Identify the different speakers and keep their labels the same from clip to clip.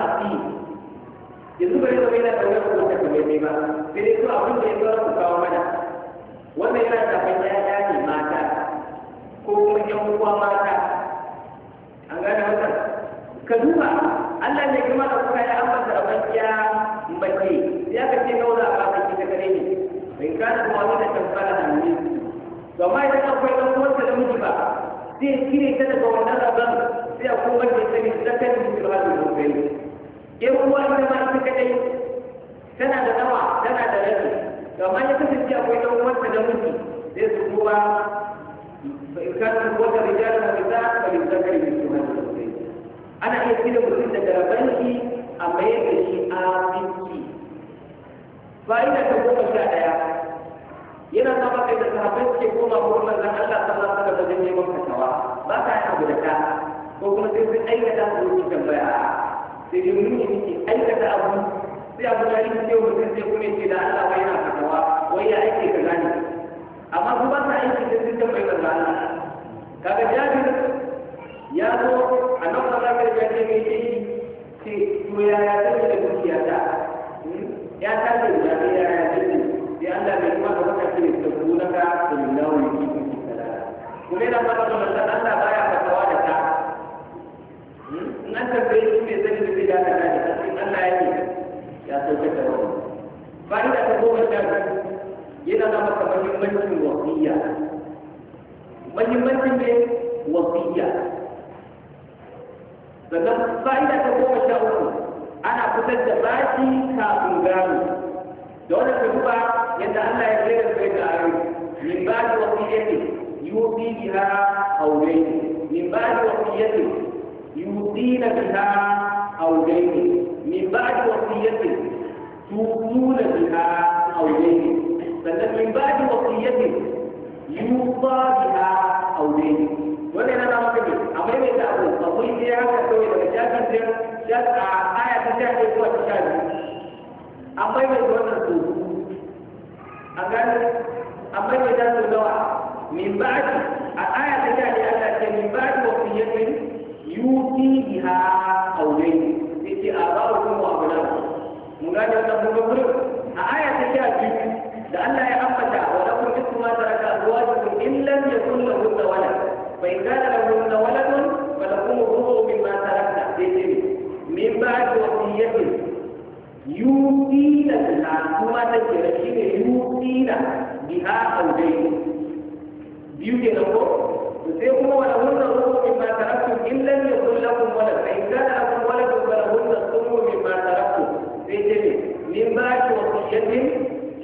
Speaker 1: addini yanzu bai zama yana da wani kuma mai ba sai dai abin da ya zuwa su kawo mana wannan yana shafan ya'ya ne mata ko kuma yan uwa mata an gane ka duba Allah ne kuma da kuka ya ambata a bakiya mace ya ka ce gaura a bakin ta kare ne bai kana kuma wani da a ne idan akwai da miji ba zai kire ta daga wannan sai a kuma da ta ne zakarin mutum har da in ruwa ita ma ita kadai tana da nawa tana da rabi to ya kasance akwai ɗan uwanta da miji zai su kowa fa in kana wata rijalan wa nisa fa li zakari mithlu hadhihi al-ukhtayn ana iya cire mutum daga rabanki a mayar da shi a binci fa'ida ta goma sha ɗaya yana zama kai da sahabbai suke koma wurin manzon Allah sallallahu alaihi wasallam neman fatawa ba ta yi abu da ta ko kuma sai sun aikata su yi tambaya da ne aikata abu sai abu da yake cewa mutum sai kuma da Allah yana fatawa wai ya aike ka gane amma su ba sa aiki da sun tambayi Allah ya zo a nan ba za ka ga mai yi ce to ya ya da dukiya ta hmm? ya da ya ya sai Allah kuma ka saka da da kuma ta da Allah baya fatawa da ta in ka tambaye shi mai zai da zai da kana Allah ya yi ya sauke da wani fa'ida ta goma sha yana da maka muhimmancin wasiya muhimmancin ne wasiya sannan fa'ida ta goma sha uku ana fitar da bashi kafin gano da wani kuma yadda Allah ya kera sai da ayo min ba da wasiyyati yubi biha aure min ba da wasiyyati يوصين بها أو جيد من بعد وصيته توصون بها أو جيد فلن من بعد وصيته يوصى بها أو جيد ولا أنا ما بقول أما إذا تقول تقول إيه هذا تقول إذا جاء آية كذا يقول كذا أما إذا تقول أقول أما إذا تقول من بعد الآية كذا yuti biha aulaini yace abarukum wa abnakum mun ga da mun ga gurin a aya ta sha biyu da Allah ya ambata wa la kun ma taraka azwajukum in lam yakun lahu walad fa in kana lahunna waladun falakum rubu mimma tarakna yace min ba'd wasiyatin yuti da ta kuma ta kira shi ne yuti da biha aulai biyu ke da ko وسيكم ولهن مما تركتم إن لم يكن لكم ولد فإن كان لكم ولد فلهن الثمن مما تركتم في من بعد وصية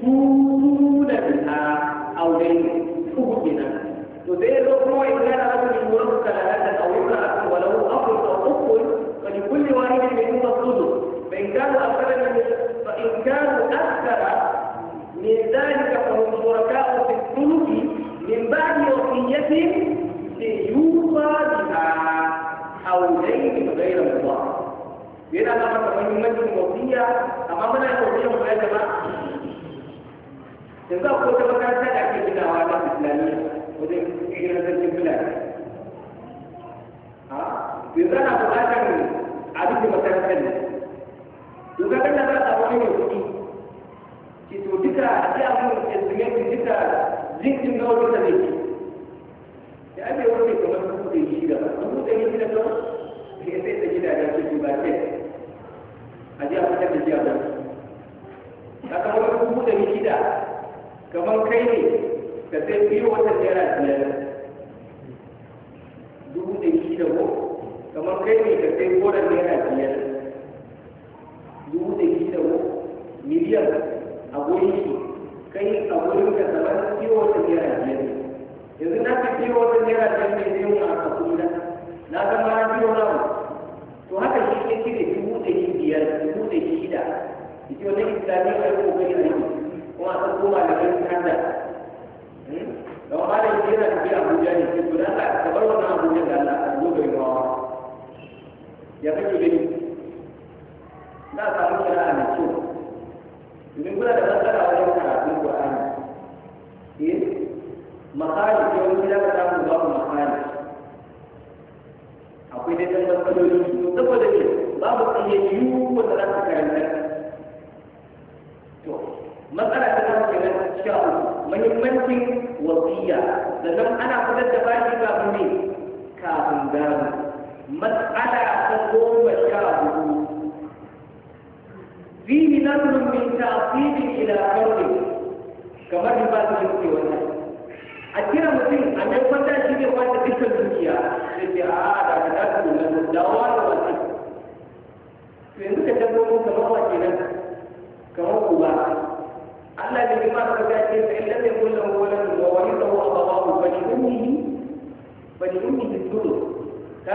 Speaker 1: توصون بها أو دين تؤمنا وزي إن كان لكم الورث ثلاثة أو امرأة وله أخ أو فلكل واحد منهما الثلث فإن كانوا أكثر من فإن كانوا أكثر من ذلك فهم شركاء في الثلث من بعد وصية yana da maka muhimmancin mawdiya amma muna da mawdiya mu ya jama'a yanzu akwai wata makaranta da ake ginawa na islamiyya wajen kiran sarkin fulani yanzu ana buƙatar abin da makarantar ne to kaga da za a wani mai kuɗi biyu wata naira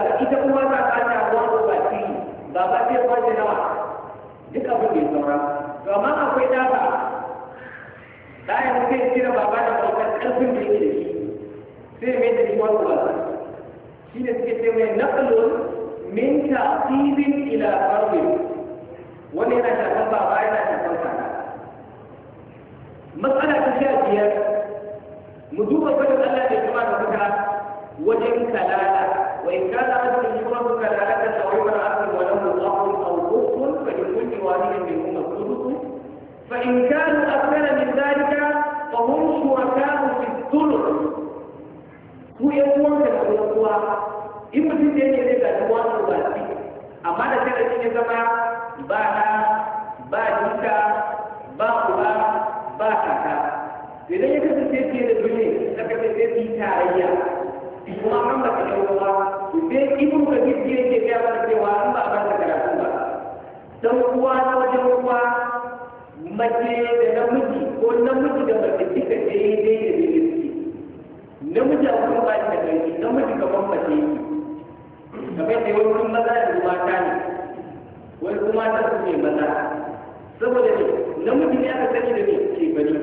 Speaker 1: kaga ita kuma ta kata ruwan baki ba ba ce ba da nawa duk abin da ya saura to amma akwai dafa da ya muke kira baba da bautar karfin da yake da shi sai mai da ruwan baki shi ne suke ce mai naqlun min ta'qibin ila fardin wani yana shafan baba yana shafan kaka matsala ta sha biyar mu duba gudun Allah da kuma da kuka wajen kalala وإن كان أجل يشرب كذلك أو امرأة وله ظهر أو خف فلكل واحد منهما الثلث فإن كانوا أكثر من ذلك فهم شركاء في الثلث هو يقول لك هو in mutum da yake zai gaji wasu ba amma da kada ya zama ba na ba jika ba kula ba kaka idan ya kasance da dole da tarayya kuma an ba ka ɗauka ba sai ibn kabir ji yake gaya mana cewa an ba ban da karatu ba dan uwa na wajen uwa mace da namiji ko namiji da mace duka daidai da daidai namiji a wurin ba shi da ƙarfi namiji gaban mace kamar da yawan wurin maza da ta ne wani kuma ta su ne maza saboda ne namiji ne aka sani da ne ke bane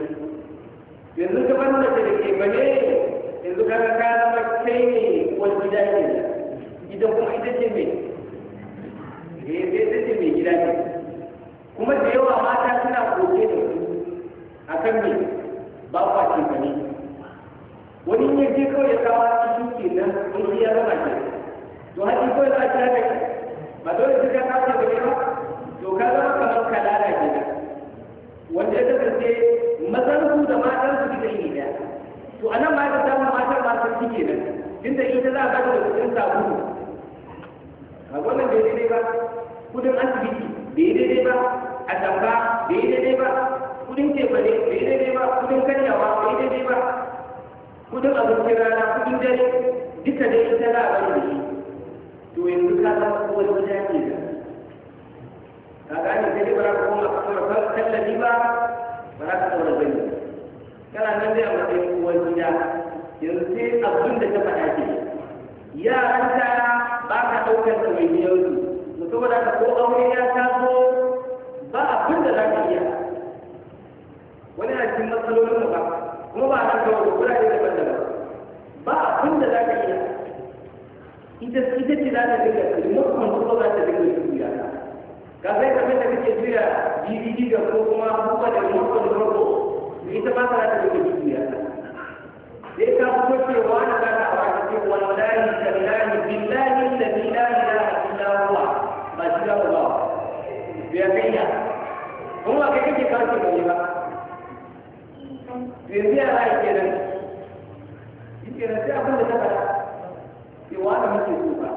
Speaker 1: yanzu gaban mace da ke bane yanzu kaga ka zama kai ne wani gida ne ita kuma ita ce mai eh, ita ce mai gida ne kuma da yawa mata suna koke da su akan ba kwa ce ka ne wani ya je kawai ya kawo shi kenan wani ya zama ke to haƙi kawai za a ci ba dole su ka kawo da ba to ka zama kamar kalala kenan wanda ya kasance mazan su da matan to a nan ma ya samu matar ba sarki ke nan inda ita za a ba da kudin sabulu a wannan bai daidai ba kudin asibiti bai daidai ba a tamba bai daidai ba kudin tebale bai daidai ba kudin karyawa bai daidai ba kudin abincin rana kudin dare duka dai ita za a bari da shi to yanzu ka zama kowane wata yake da ka gane sai dai ba za ka koma ka koma tallafi ba ba za ka koma bane kana nan dai a matsayin uwar gida yanzu sai abin da ta faɗa ke yaran ta ba ka ɗaukar ɗawainiyar su mutum da ko aure ya taso ba abin da za ka iya wani na cikin matsalolin mu ba kuma ba a kan kawo da daban-daban ba abin da za ka iya ita ita ce za ta dinga remote kuma za ta dinga juya ka sai kamar da kake juya bibi ga ko kuma buka da remote kuma ita ba ta da take dukiya sai ta fito cewa na da ta ba ta ce wallahi tallahi billahi alladhi la ilaha illa huwa ba shi da ba biya kaiya kuma kai kake kawo ce ba
Speaker 2: Yanzu yara ke nan,
Speaker 1: ke nan sai abin da ta fara, ke kuma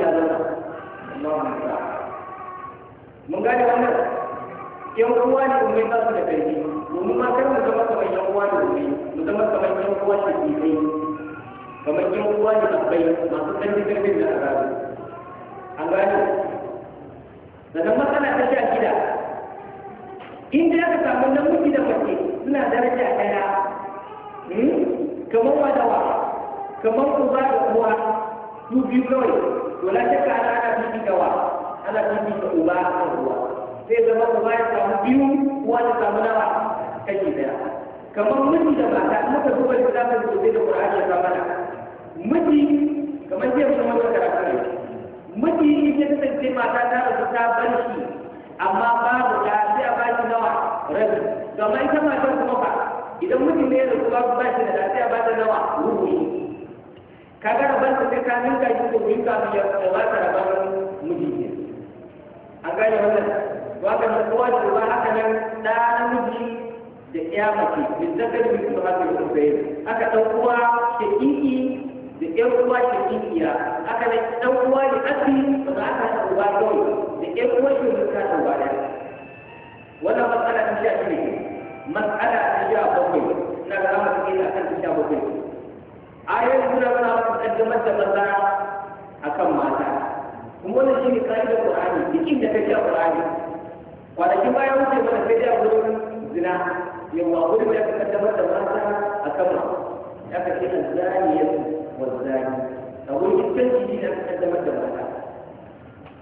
Speaker 1: ya Allah mun gane yan uwa ne umai ba su da karfi domin ma kar mu zama kamar yan uwa da umai mu zama kamar yan uwa da jirai kamar yan uwa da abai masu karfi karfin da arabu an gane sannan matsala ta sha gida inda aka samu namiji da mace suna daraja ɗaya hmm? kamar wadawa kamar uba da uwa su biyu kawai wala shakka ana ana bibi gawa ana bibi ga uba a uwa sai zama uba ya samu biyu kuwa ta samu nawa kashi daya kamar miji da mata muka duba da zaka gobe da Qur'ani ya zamana miji kamar zai jiya mun masa karatu miji in ya kasance mata ta rasu ta bar shi amma babu ta sai a ba shi nawa rabi kamar ita matan kuma ba idan mutum ne ya rasu babu ba shi da ta sai a ba ta nawa rubuci kaga rabar ta sai ka ninka shi ko yi ka ya ba ta rabar miji ne an gane wannan waka da kowa da ba haka nan da namiji da ya da zakar da kuma haka da kuma yin haka dan uwa shakiki da yan uwa shakikiya haka dan uwa da asi ba za ka hada kawai da yan uwa shi da ka hada uba wannan matsala ta sha shi ne matsala ta sha bakwai na ga zama su gina kan ta sha bakwai ayoyin suna suna wasu kaddamar da maza akan mata kuma wannan shi ne ka'idar Qur'ani duk inda ka kwanakin baya wuce mana sai dai a gurin zina yawa gurin da aka kaddamar da mata a sama ya ka ce an zani ya wa zani a gurin iskanci ne aka kaddamar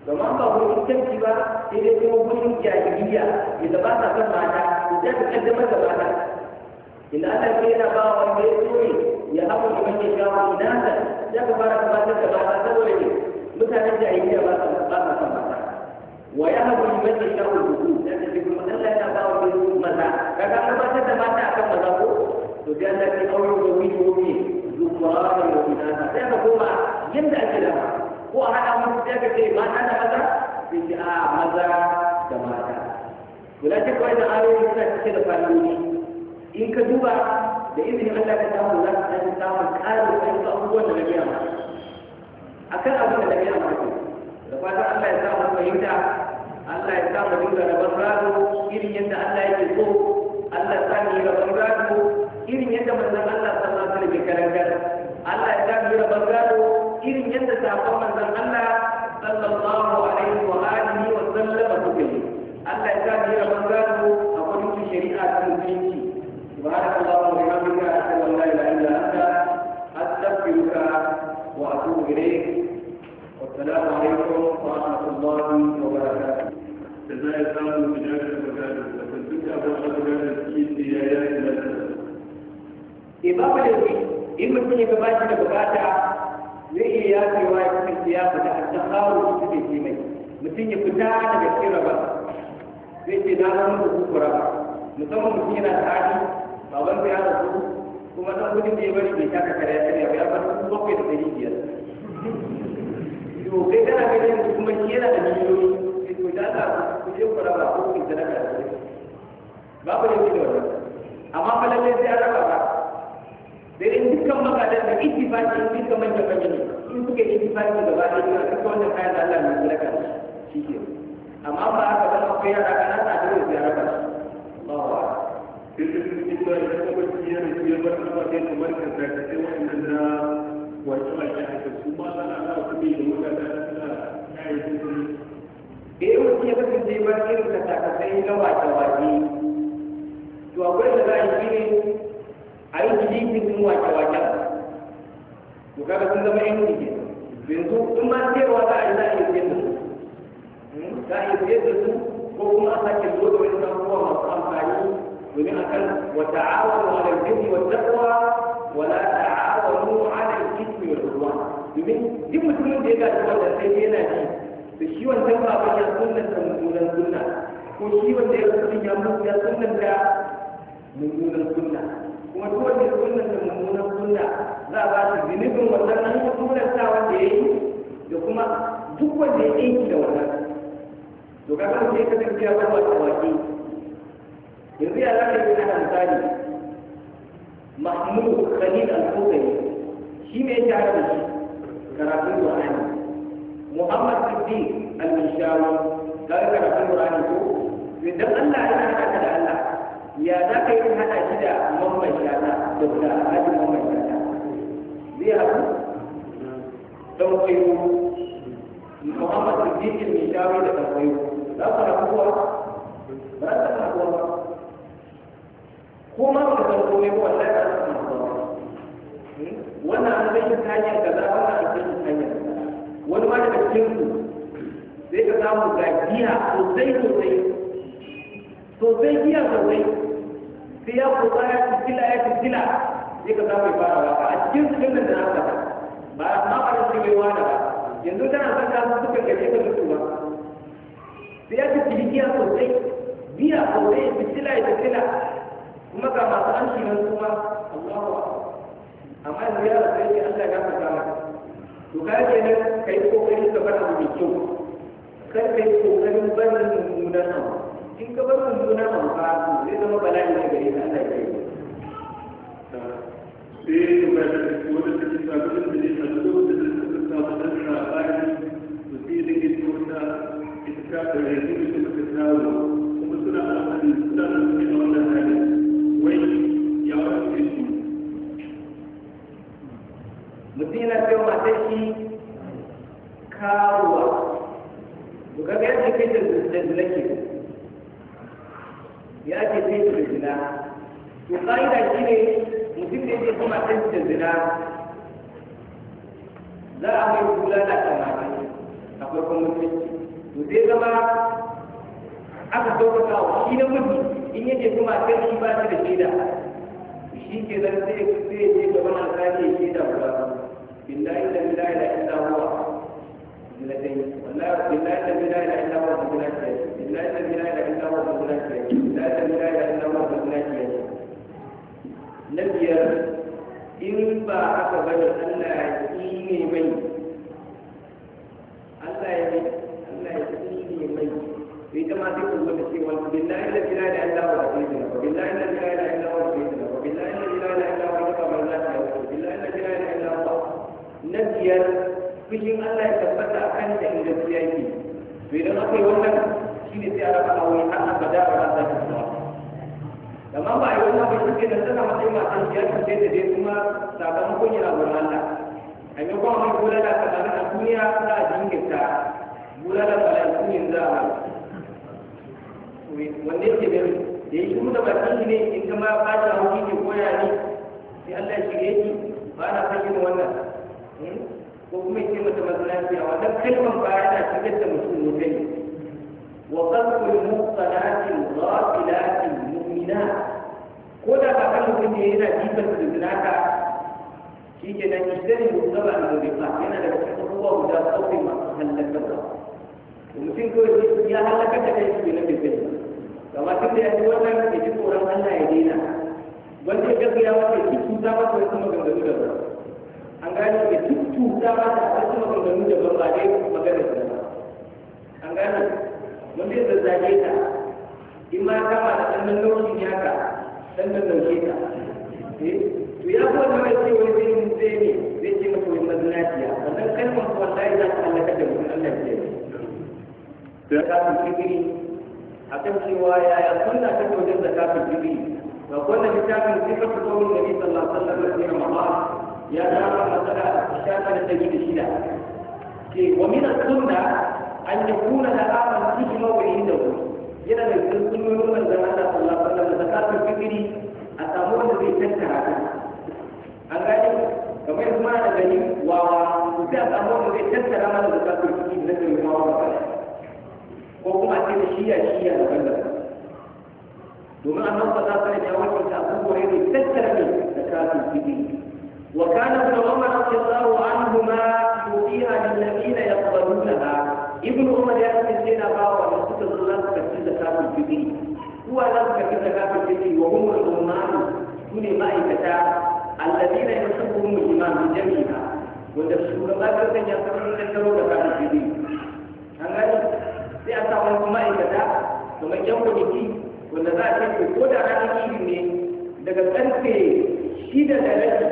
Speaker 1: da mata domin an ba gurin iskanci ba sai dai kuma gurin jahiliya yadda ba sa son mata idan ka kaddamar da mata inda Allah ke yana ba wanda ya so ne ya hamu da mace shawo ina ta ya ka fara gabatar da mata saboda ne mutanen jahiliya ba sa son mata ويهب لمن يشاء الوجود لأن في المثل لا يتباوى بالوجود مزاع كذا أربعة تبعت أكم مزاقه تجعل في أول ومين ومين زمران وإناثا سيما كما يمدع الكلام هو هذا من سياق الكلمات أنا مزاع في آه مزاع جماعة ولا شك وإذا قالوا لك كده فنوني إن كذوبا بإذن الله كتاب الله سبحانه وتعالى قالوا أنت أول نبي أمر أكل أول نبي أمر
Speaker 2: da fata Allah ya sa mu fahimta Allah ya sa mu dinga rabon gado irin yadda Allah yake so Allah ya sa mu yi rabon
Speaker 1: irin yadda manzon Allah sallallahu alaihi wasallam ya karantar Allah ya sa mu yi rabon irin yadda sabon manzon Allah sallallahu alaihi wa alihi wa sallama suka yi Allah ya sa mu yi rabon gado a kwamitin shari'a ta musulunci سبحانك اللهم وبحمدك أشهد أن لا إله إلا أنت أستغفرك وأتوب إليك السلام عليكم ورحمة الله وبركاته جزاء الله من أجل مكانه فكنت أبغى أبغى أسكيتي يا يا إمام الوزي إن mutum ya ba shi da bukata zai iya yafewa ya cikin siyasa da al-tahawu cikin kimai mutum ya fita daga cikin rabar zai ce na zama da kukura musamman mutum yana tsari baban sai ya rasu kuma dan gudun da ya bari bai taka kare ya karya ba ya bakwai da dari biyar to kai kana ganin kuma shi yana da miliyoyi sai to da ta ku je ku raba ko ku sadaka da shi babu da shi wannan amma fa lalle sai an raba ba in dukkan magadan da ittifaqi in dukkan manyan manyan in suka yi ittifaqi gaba da shi a cikin wannan kayan da Allah ne sadaka shi ke amma ba haka ba akwai yara kana ta dole sai an raba Allahu akbar Bismillahirrahmanirrahim. Kamar kiyar kiyar kamar kamar kan da kai wannan da wato a kuma za a sa kuɗi da mutane suna kayan eh, irin ka takasai na wata wace to akwai da za a yi ne a yi jilikin sun wata-wata. to kaga sun zama yan kuɗi yanzu in ma sayarwa za a yi za a iya sayar da su hmm? za a iya sayar da su ko kuma a sake zo da wani abubuwa masu amfani domin akan wata wala ta'awanu 'ala al-ithmi wal 'udwan domin duk mutumin da ya gaji wanda sai yana ji da shi wannan ba ba ya sunnan da mummunan sunna ko shi wanda ya rubuta ya mutu ya sunnan da mummunan sunna kuma duk wanda ya sunnan da mummunan sunna za a ba shi zunubin wannan nan ko sunanta wanda ya yi da kuma duk wanda ya yi da wannan to kaga sai ka tafiya ba wa tawaki yanzu ya zaka yi na misali mahmud khalil al-kubai shi ne ya tare da shi karatun qur'ani muhammad siddiq al-mishawi ga karatun qur'ani ko idan Allah ya hada da Allah ya za ka yi hada shi da mamman shata da da hajji mamman shata zai haɗu dan kwayo muhammad siddiq al-mishawi da dan kwayo za ku rabuwa za ku rabuwa ko ma ba san komai ba wallahi ba san komai hmm? wannan an sai shi hanyar kaza wannan an sai shi hanyar wani ma daga cikin ku sai ka samu ga giya sosai sosai sosai giya sosai sai ya kusa ya fitila ya fitila sai ka samu ya fara waka a cikin su dinnan da aka ba a ma ba da cikin wani ba yanzu tana son ka su suka gaje ka mutu ba sai ya fitili giya sosai giya sosai fitila ya fitila kuma ga masu an shi nan kuma Allahu amma yanzu ya rasu yake Allah ya fata maka to ka ke nan kai kokari ka bar abu mai kyau kar kai kokarin barin mummunan abu in ka bar mummunan abu ba to zai zama bala'i ne gare ka Allah ya yi sai da take mutum ya yana jifar da zinaka shi ke nan ishtari musamman da zurifa yana da cikin abubuwa guda sauƙi masu hallakarwa mutum kawai ya halaka da kai shi na bibin kamar tun da ya ji wannan ya ji tsoron Allah ya daina wanda ya gaskiya wanda ya cuta masa kuma maganganu da ba an gane ya cuta masa wasu maganganu da ba ba dai magana da ba an gane wanda ya zazzage ta in ma kama da ɗan nauyin yaka dan da dauke ka to ya kuwa da mai ce wani zai mutu ne zai ce maka wani mazinaciya wannan kalmar wallahi za ta halaka da mutum Allah ke to ya kafin fitiri a kan cewa yaya sunna ta wajen da kafin fitiri ga wannan littafin sifar kawai da nabi sallallahu alaihi wasallam ya mama ya zama matsala shafa da ɗari da shida ke wa min sunna an yakuna da aman cikin mawuyi da wuri yana da cikin sunnonin manzon Allah sallallahu alaihi wasallam zakatul fitri a samu wanda zai tattara ta an gani kamar kuma da gani wa, sai a samu wanda zai tattara mana zakatul fitri na da yawa ba ko kuma a ce da shiya shiya da banda domin annabi sallallahu alaihi wasallam ya wakilta Abu Hurairah tattara ne zakatul fitri وكان ابن عمر رضي الله عنهما يعطيها للذين يقبلونها ابن عمر يا سيدنا باوى karɓi zakatul fitri kuwa za su karɓi zakatul fitri wa hum al su ne ma'aikata alladina yusabbuhum al bi jami'a wanda shugaba kan ya karɓi zakatul zakatul fitri an gani sai a sa wani ma'aikata kamar yan kwamiti wanda za a ce ko da ranar idi ne daga karfe shida da rabi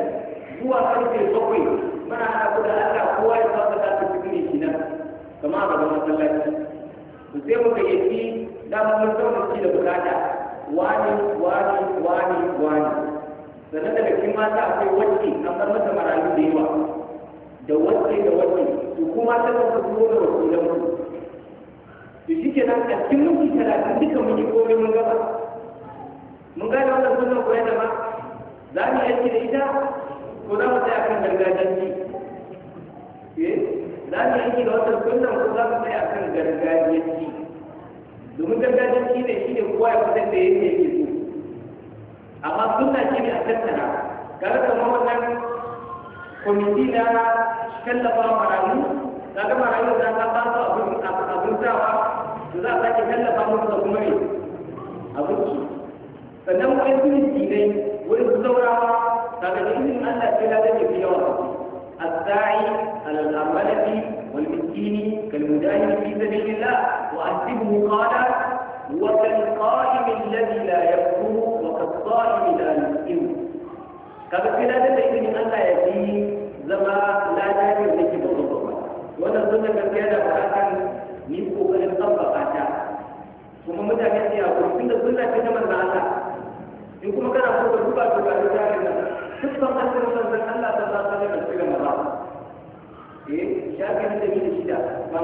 Speaker 1: zuwa karfe bakwai mana haɗa ku da Allah kowa ya fasa zakatul fitri shi nan kama a gaban masallaci to sai muka yi da mun da shi da bukata wani wani wani wani sannan daga cikin mata akwai wacce an bar mata marayu da yawa da wacce da wacce to kuma ta ka zo da wakilan ku to shi ke nan a cikin minti talatin duka mun yi komai mun gaba mun gane wannan sunan koyar da ma za mu yi aiki da ita ko za mu tsaya kan gargajiyanci eh za mu yi aiki da wannan sunan ko za mu tsaya kan gargajiyanci domin gargajiyar shi ne shi ne kowa ya fitar da yadda yake so amma suna shi ne a tattara kaga kamar wannan kwamiti na tallafa marayu kaga marayu da ta ba su abin abin sawa za a sake tallafa musu da kuma ne abinci sannan wani sunan dinai wani su saurawa kaga da Allah sai da zai fi yawa السعي على الأمانة والمسكين كالمجاهد في سبيل الله وأسبه قال وكالقائم الذي لا يكفر وكالصائم لا يسكن كما في لا تتعيد من أن لا يجي زما لا تجي ونجي بالضبط وأنا ظن أن في هذا فراسا نبقوا أن نطبق عشاء ثم متى كنت أقول إن ظن في زمن العشاء يقول مكان أقول بالضبط وكالجاهد تبقى مثل من أن لا تتعطي من سلم الله ya da shi da shi a samu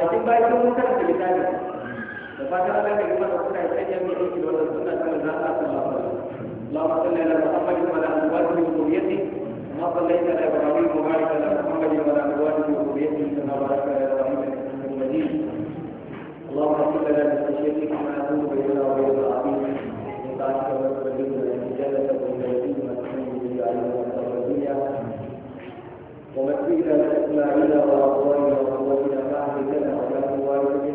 Speaker 1: Allahumma salli إلى إسماعيل وأخواني وأخواني بعد كذا وله والدي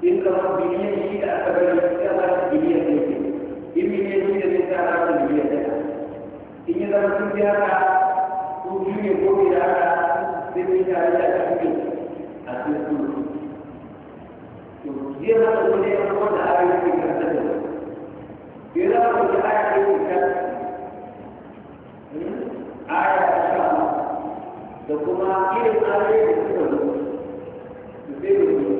Speaker 1: Inilah bini yang tidak terbelakang bini yang ini. Ini menjadi cara bini yang ini. Ini adalah cara untuk memperbaiki demi cara yang ini. Asal tuh. Dia adalah bini yang mana hari ini kita tahu. Dia adalah ayah ini kan. Ayah sama. Dokumen ini adalah itu. Itu.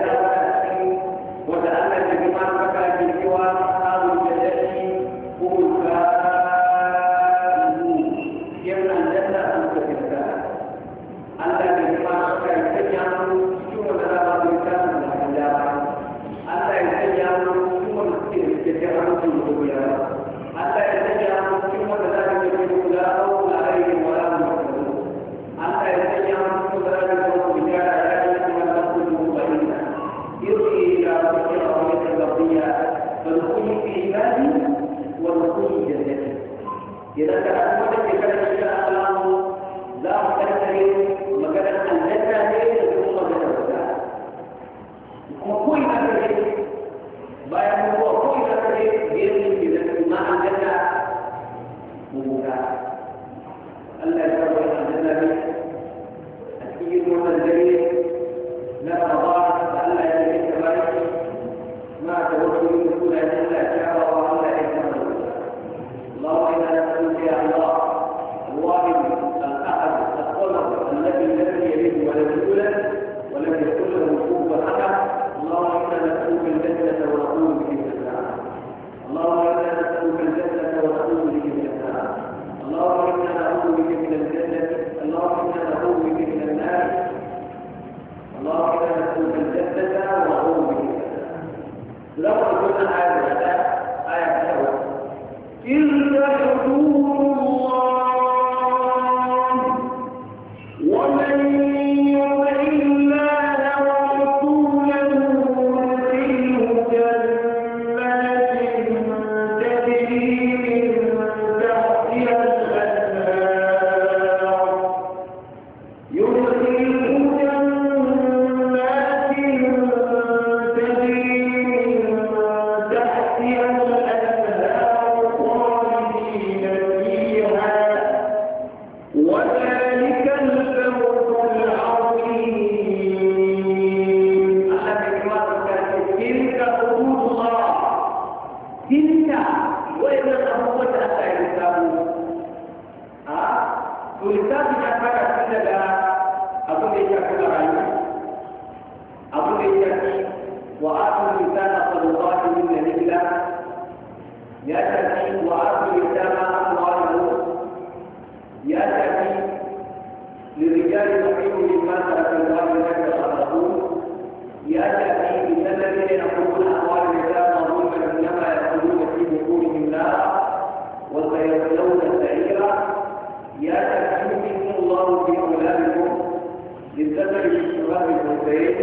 Speaker 1: sallar shugaba mai tsaye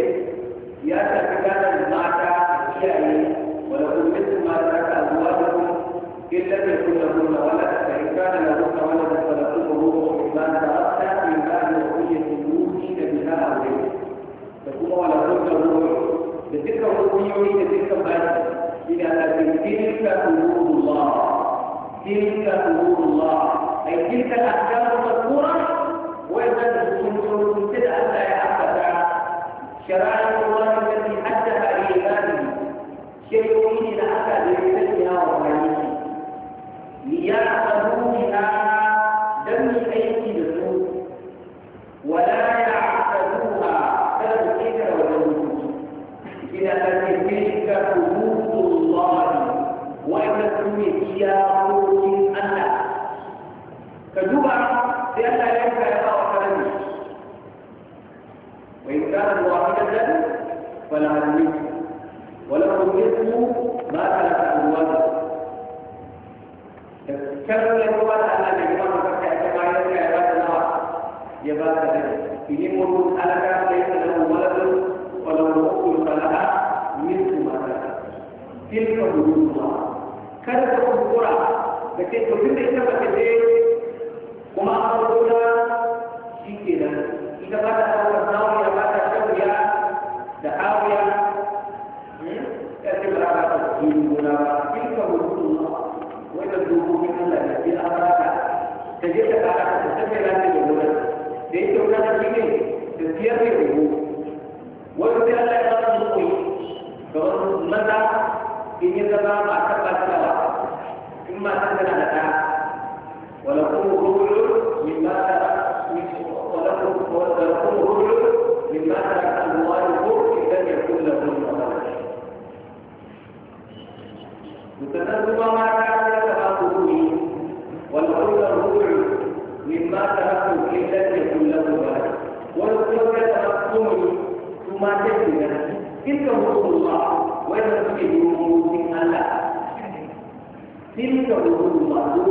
Speaker 1: ya tafi kanan mata a kiyaye wala kullum mata ta zuwa da su illa da kulla kulla wala ta kai kana da kuka wala da salatu ko ko iman da ta in da da kuje ruhi da bina aure da kuma wala kulla ruhi da dukkan hukumomi da dukkan bayan ina da tilka umurullah tilka umurullah ay tilka al-ahkam al-mazkura وإذا الله التي حدها لعباده شيء إلى أحد يحتاجها وغيره ليعبدوا بها دم أيدي الرسول ولا يعبدوها بل كيف وجدوه إلى أن تلك حدود الله وإذا كنت يا قوم أنت كجوع وإن كانت واحدة فلا النصف وله النصف ما كانت أزواجه كانوا يقولون أن الإمام فكأ عباد الله يبات له إن امرؤ ليس له ولد وله أخت فلها مثل ما ترك تلك حدود الله kada ta kuskura da ke to duk ita ba ta ɗaukar hawiya ta da hawiya
Speaker 2: ƙarfi ta Allah da bi an ba ta
Speaker 1: je ta ƙara ta tafiya lafiya da gona da yake wani da shi ne da siyar da rubu wani sai Allah ya ba su koyi ga wani maza in yi zama ba ta ba ta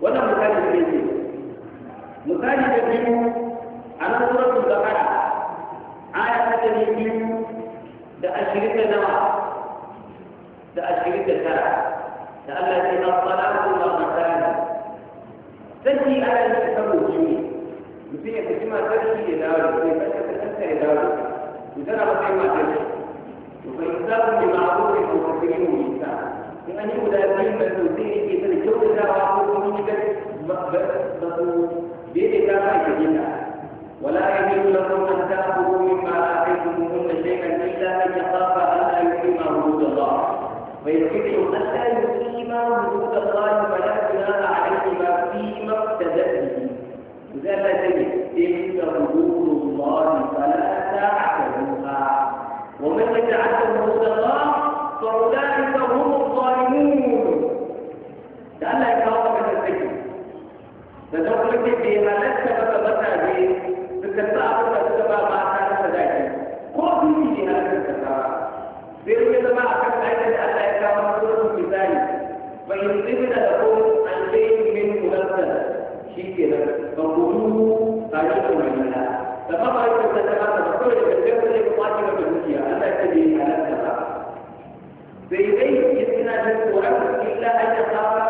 Speaker 1: wannan misali ne ce misali da biyu a nan suratul baqara aya ta dari biyu da ashirin da nawa da ashirin da tara da Allah ya ce ma salatu wa masalatu sai ana yin sabo shi mutum ya kaci matar shi ya dawo da sai kashe kashe ya dawo mutum na matsayin matar shi to fa insa kun bi ma'arufi ko kafirin mu insa dengan itu dah lain berfungsi kita dicoba cara aku ini ولا يحل لكم ان تاخذوا مما اتيتموهن شيئا الا ان يخاف الا يقيم حدود الله فيستطيع الا يقيم حدود الله فلا جناح عليهما فيما ابتدت به اذا لا تجد تلك حدود الله فلا تعتدوها ومن يتعدى حدود الله فاولئك da Allah ya kawo maka da take
Speaker 2: da ta kuma ke bai halatta maka mutane suka sa abin da suka ba mata na sadaki
Speaker 1: ko biyu ne halatta ka kawo sai ya zama a kan aikin da Allah ya kawo maka da misali bai yi da ko an zai min kulanta shi ke nan ba ku duhu ba shi kuma yana da ba ba yi da ta ba da kawai da gaske ne ba ta da dukiya Allah ya ce bai halatta ba sai dai yana da tsoron illa an ya kawo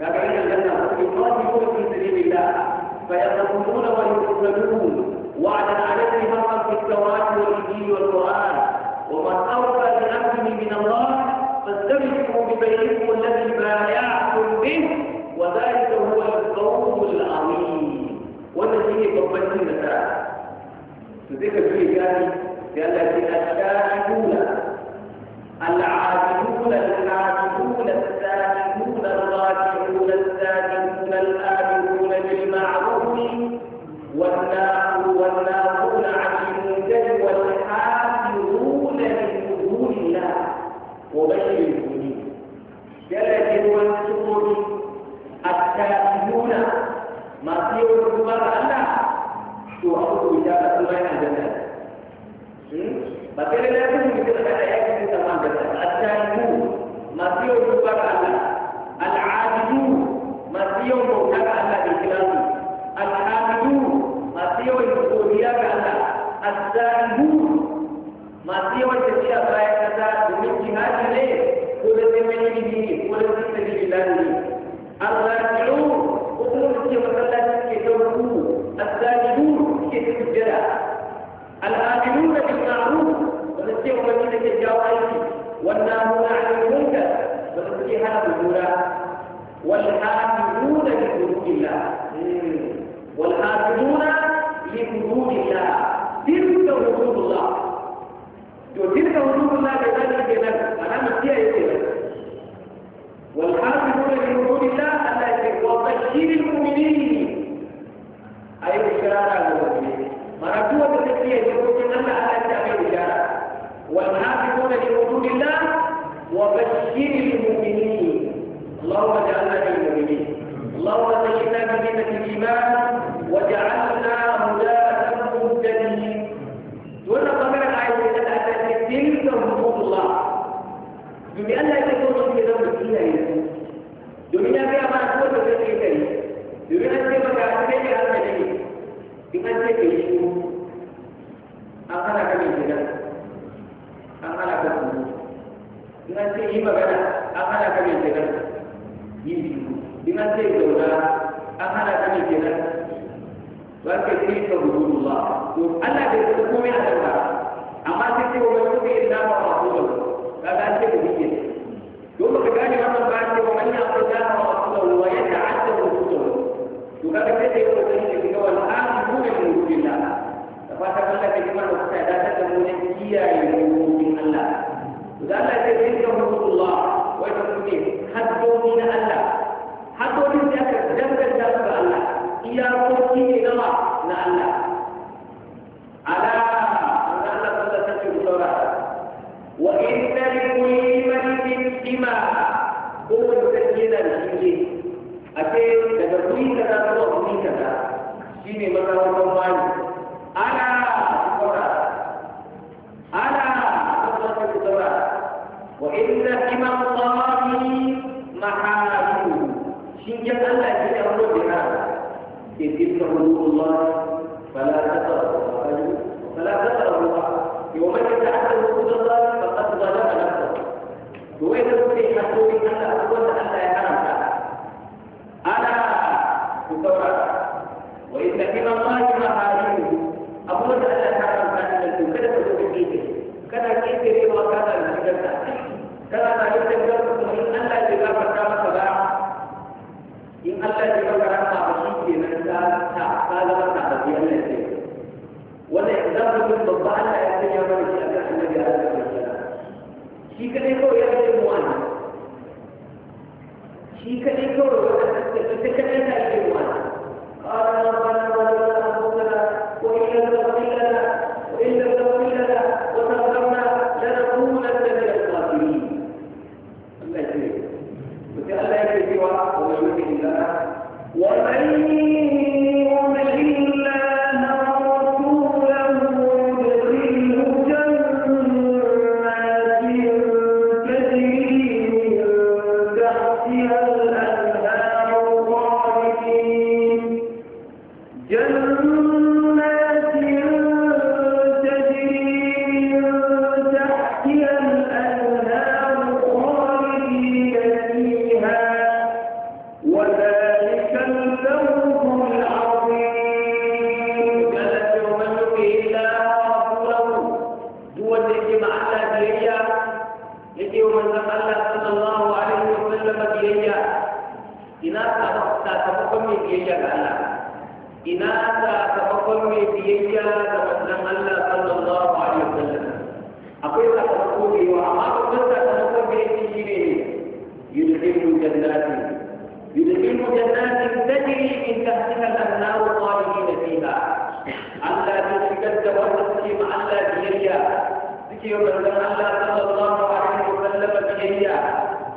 Speaker 1: تابعين الجنة يقاتلون في سبيل الله فيقتلون ويقتلون وعدا عليه حقا في التوراة والإنجيل والقرآن ومن أوفى بأمره من الله فاستمسكوا ببيتكم الذي بايعتم به وذلك هو القوم العظيم والذي قبلت النساء تذكر فيه ثاني قال لك الشاهدون
Speaker 2: العابدون الحاسدون
Speaker 1: تستطيع مدينة الجوائز والناهون عن المنكر تستطيعها بجولا والحافظون لحدود الله والحافظون لحدود الله تلك حدود الله تلك حدود الله كذلك كذلك أنا مسيح يسير
Speaker 2: والحافظون لحدود
Speaker 1: الله التي وبشر المؤمنين أي بشارة المؤمنين مرتوة تسير يقول أن الله وبشر المؤمنين اللهم اجعلنا من المؤمنين اللهم اجعلنا بذمة الإيمان ku saurara wa inna min Allah maharimu da Allah ta kada zo ne ma kana da shigarta da shigarta in Allah ya ba in Allah ya ba shi ta ta da Allah ya ce wannan babba Allah ya shi shi kadai kawai ya ce shi kadai kawai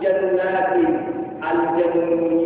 Speaker 1: جنات الجنة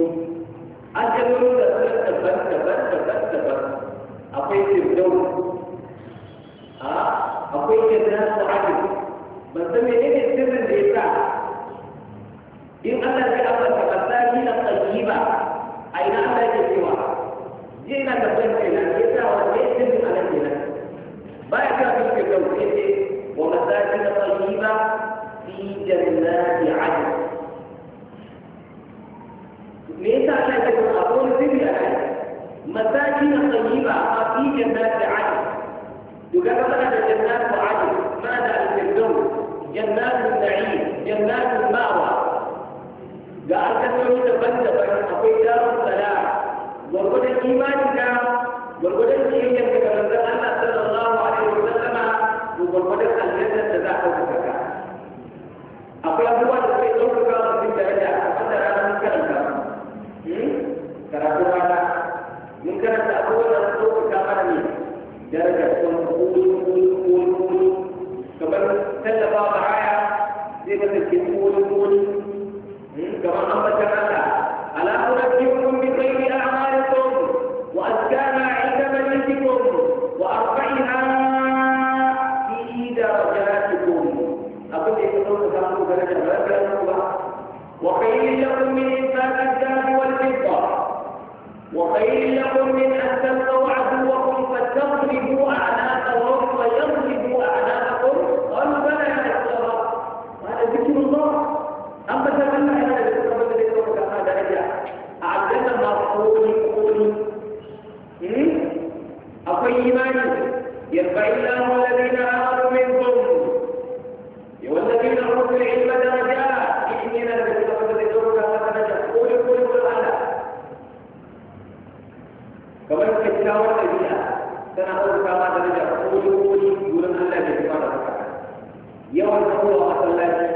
Speaker 1: akwai imani yarfa illahu alladhina amanu minkum
Speaker 2: والذين اوتوا العلم درجات اننا نتذكرك وقد
Speaker 1: تقول كل القران
Speaker 2: كما تكتاوى
Speaker 1: الذين سنقول كما درجة قولوا قولي دون أن لا يجبار يوم الله صلى الله عليه وسلم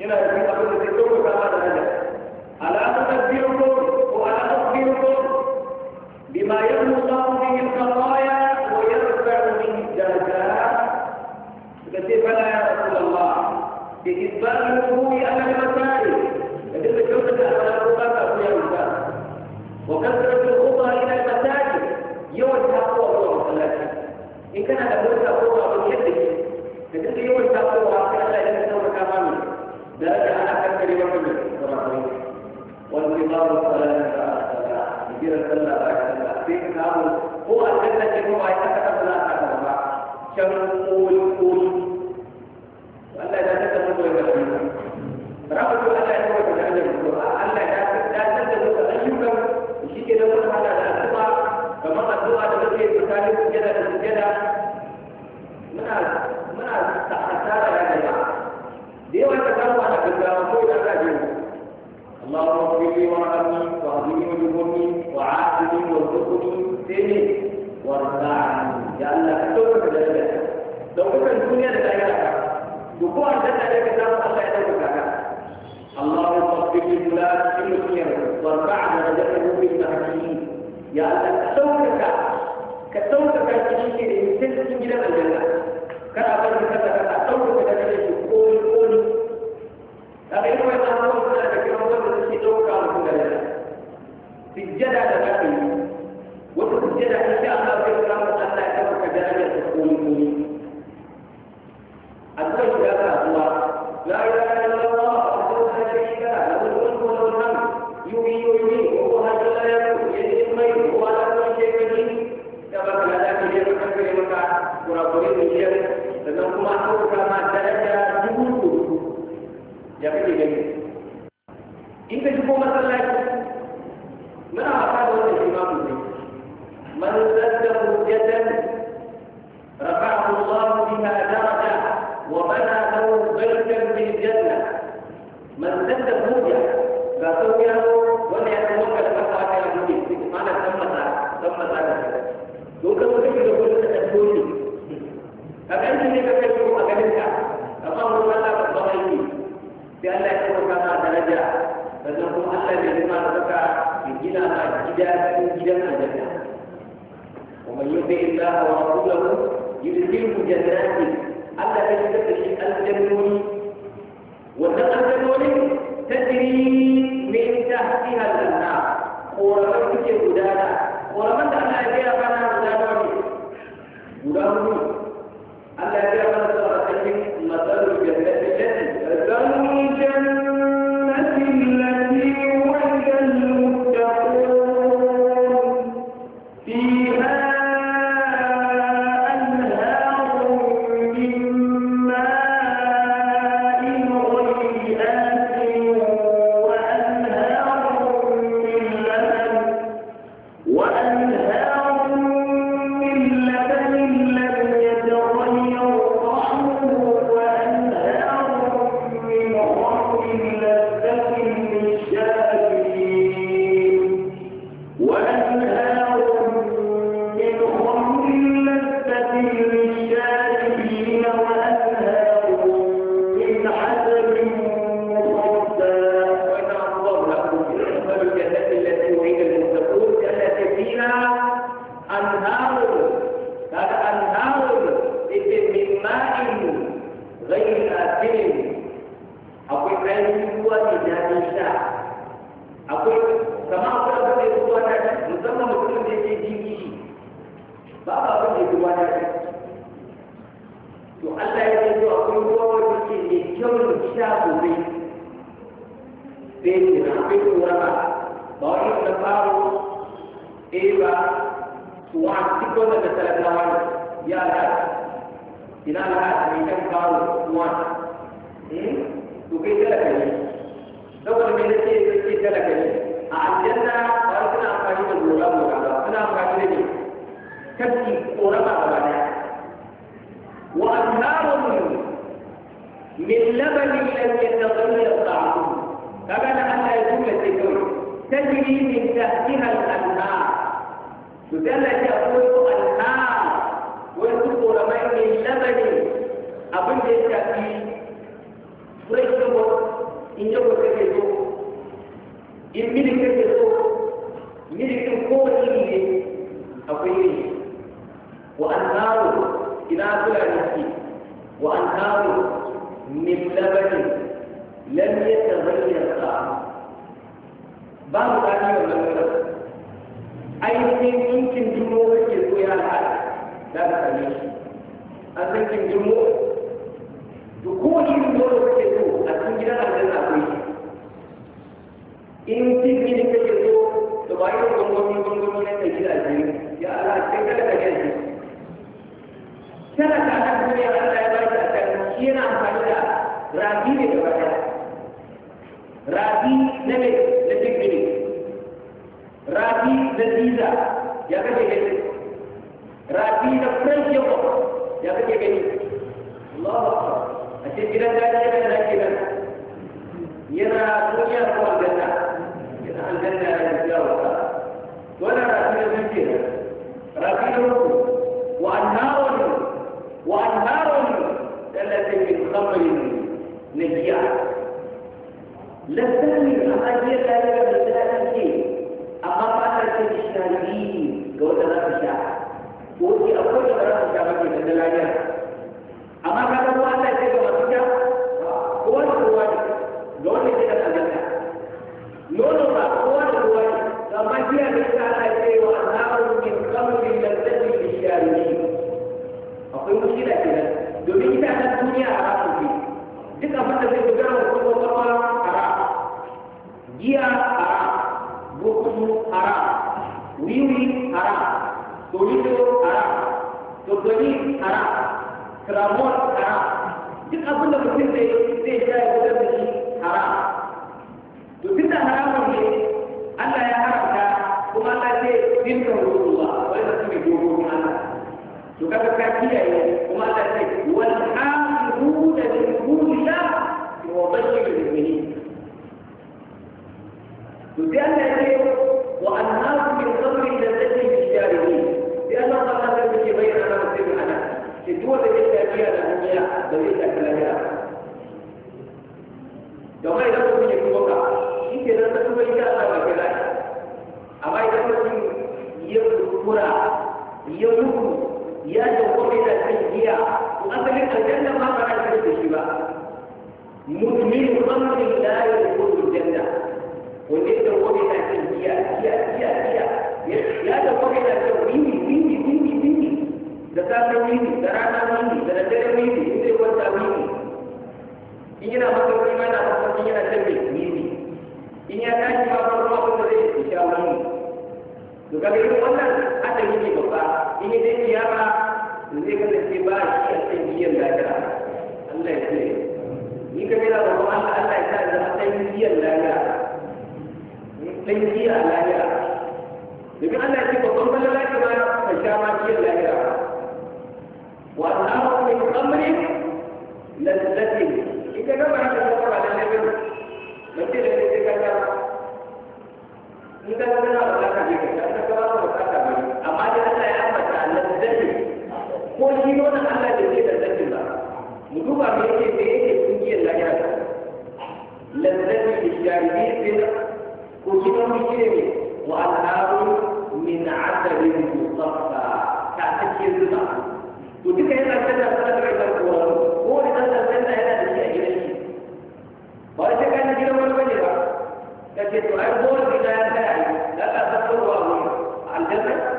Speaker 1: إلى أن تقول كما درجة ألا تنبئكم cewa ya aka tabbata a kan gaba can koyo